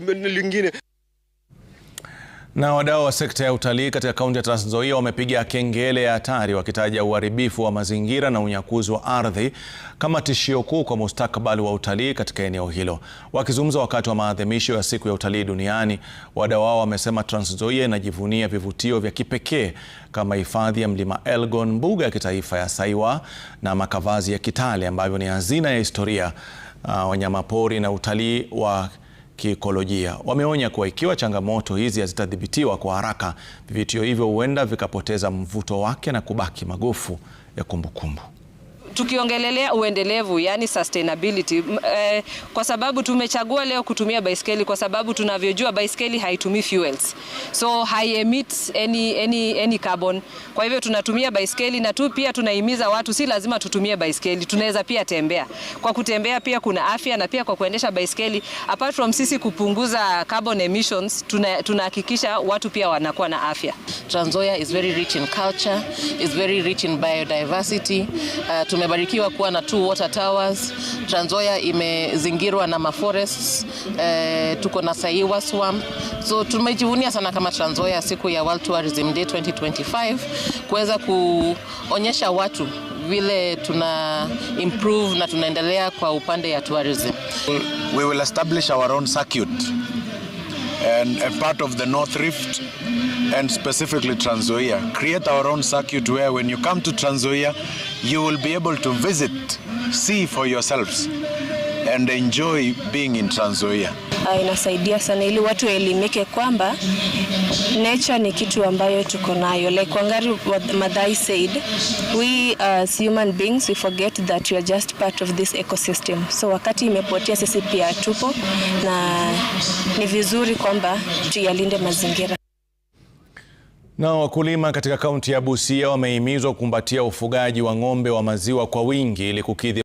lingine. Na wadau wa sekta ya utalii katika kaunti ya Trans Nzoia wamepiga kengele ya hatari wakitaja uharibifu wa mazingira na unyakuzi wa ardhi kama tishio kuu kwa mustakabali wa utalii katika eneo hilo. Wakizungumza wakati wa maadhimisho ya Siku ya Utalii Duniani, wadau hao wamesema Trans Nzoia inajivunia vivutio vya kipekee kama hifadhi ya Mlima Elgon, mbuga ya kitaifa ya Saiwa na makavazi ya Kitale ambavyo ni hazina ya historia, uh, wanyamapori na utalii wa kiikolojia. Wameonya kuwa ikiwa changamoto hizi hazitadhibitiwa kwa haraka, vivutio hivyo huenda vikapoteza mvuto wake na kubaki magofu ya kumbukumbu tukiongelelea uendelevu yani sustainability eh, kwa sababu tumechagua leo kutumia baiskeli kwa sababu tunavyojua baiskeli haitumii fuels, so hai emit any, any, any carbon. Kwa hivyo tunatumia baiskeli na tu pia tunahimiza watu, si lazima tutumie baiskeli, tunaweza pia tembea. Kwa kutembea pia kuna afya na pia kwa kuendesha baiskeli, apart from sisi kupunguza carbon emissions, tunahakikisha tuna watu pia wanakuwa na afya. Trans Nzoia is very rich in culture, is very rich in biodiversity. Uh, tumebarikiwa kuwa na two water towers. Trans Nzoia imezingirwa na maforests eh, tuko na Saiwa swamp, so tumejivunia sana kama Trans Nzoia siku ya World Tourism Day 2025 kuweza kuonyesha watu vile tuna improve na tunaendelea kwa upande ya tourism. We will establish our own circuit and a part of the North Rift and specifically Transoia. Create our own circuit where when you come to Transoia, you will be able to visit, see for yourselves and enjoy being in Trans Nzoia. Ah, inasaidia sana ili watu waelimike kwamba nature ni kitu ambayo tuko nayo. Like Wangari Maathai said, we as human beings we forget that we are just part of this ecosystem. So wakati imepotea, sisi pia tupo na ni vizuri kwamba tuyalinde mazingira. Na wakulima katika kaunti ya Busia wamehimizwa kukumbatia ufugaji wa ng'ombe wa maziwa kwa wingi ili kukidhi